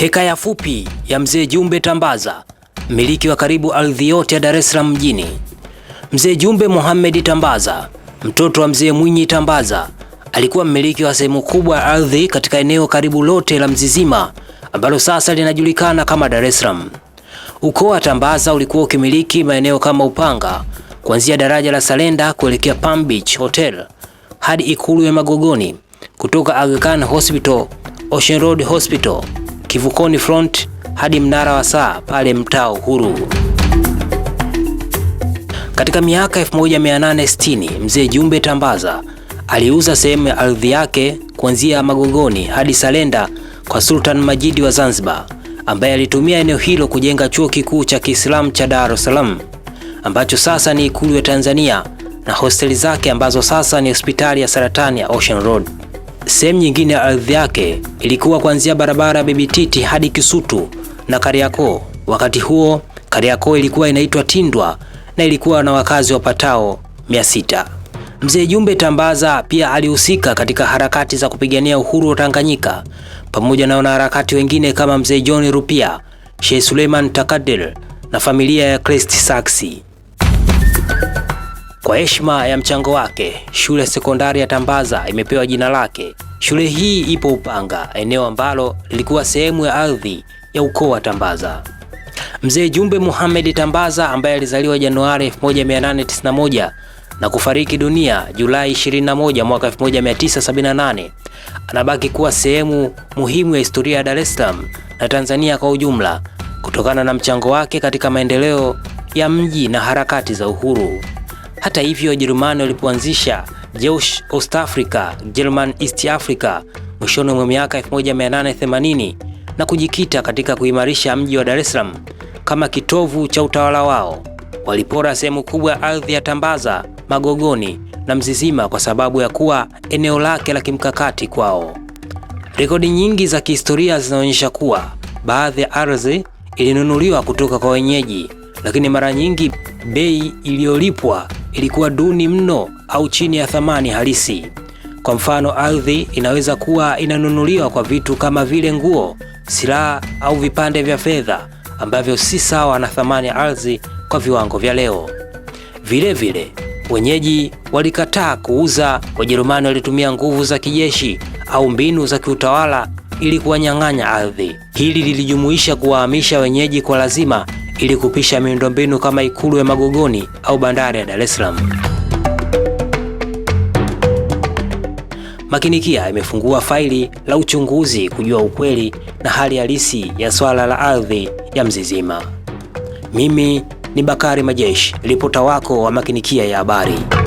Hekaya fupi ya mzee Jumbe Tambaza, mmiliki wa karibu ardhi yote ya Dar es Salaam mjini. Mzee Jumbe Mohamed Tambaza, mtoto wa mzee Mwinyi Tambaza, alikuwa mmiliki wa sehemu kubwa ya ardhi katika eneo karibu lote la Mzizima ambalo sasa linajulikana kama Dar es Salaam. Ukoo wa Tambaza ulikuwa ukimiliki maeneo kama Upanga, kuanzia daraja la Salenda kuelekea Palm Beach Hotel hadi ikulu ya Magogoni, kutoka Aga Khan Hospital, Ocean Road Hospital Kivukoni Front hadi mnara wa saa pale mtaa Uhuru. Katika miaka 1860 mzee Jumbe Tambaza aliuza sehemu ya ardhi yake kuanzia Magogoni hadi Salenda kwa Sultan Majidi wa Zanzibar ambaye alitumia eneo hilo kujenga chuo kikuu cha Kiislamu cha Dar es Salaam ambacho sasa ni Ikulu ya Tanzania na hosteli zake ambazo sasa ni hospitali ya saratani ya Ocean Road. Sehemu nyingine ya ardhi yake ilikuwa kuanzia barabara ya Bibi Titi hadi Kisutu na Kariakoo. Wakati huo Kariakoo ilikuwa inaitwa Tindwa na ilikuwa na wakazi wapatao mia sita. Mzee Jumbe Tambaza pia alihusika katika harakati za kupigania uhuru wa Tanganyika pamoja na wanaharakati wengine kama Mzee John Rupia, Sheikh Suleiman Takadil na familia ya Crest Saxi. Kwa heshima ya mchango wake, shule sekondari ya Tambaza imepewa jina lake. Shule hii ipo Upanga, eneo ambalo lilikuwa sehemu ya ardhi ya ukoo wa Tambaza. Mzee Jumbe Mohamed Tambaza ambaye alizaliwa Januari 1891 na kufariki dunia Julai 21 mwaka 1978, anabaki kuwa sehemu muhimu ya historia ya Dar es Salaam na Tanzania kwa ujumla kutokana na mchango wake katika maendeleo ya mji na harakati za uhuru. Hata hivyo, Wajerumani walipoanzisha Jeush Ostafrika, German East Africa mwishoni mwa miaka 1880 na kujikita katika kuimarisha mji wa Dar es Salaam kama kitovu cha utawala wao, walipora sehemu kubwa ya ardhi ya Tambaza, Magogoni na Mzizima kwa sababu ya kuwa eneo lake la kimkakati kwao. Rekodi nyingi za kihistoria zinaonyesha kuwa baadhi ya ardhi ilinunuliwa kutoka kwa wenyeji, lakini mara nyingi bei iliyolipwa ilikuwa duni mno au chini ya thamani halisi. Kwa mfano, ardhi inaweza kuwa inanunuliwa kwa vitu kama vile nguo, silaha au vipande vya fedha ambavyo si sawa na thamani ya ardhi kwa viwango vya leo. Vile vile wenyeji walikataa kuuza. Wajerumani walitumia nguvu za kijeshi au mbinu za kiutawala ili kuwanyang'anya ardhi. Hili lilijumuisha kuwahamisha wenyeji kwa lazima ili kupisha miundombinu kama ikulu ya Magogoni au bandari ya Dar es Salaam. Makinikia imefungua faili la uchunguzi kujua ukweli na hali halisi ya swala la ardhi ya Mzizima. Mimi ni Bakari Majeshi, ripota wako wa Makinikia ya habari.